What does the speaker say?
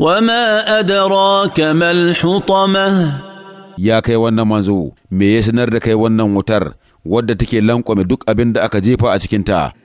وما أدراك ما الحطمة يا كي wannan manzo me ya sanar da kai wannan wutar wadda take lankwame duk abin da aka jefa a cikinta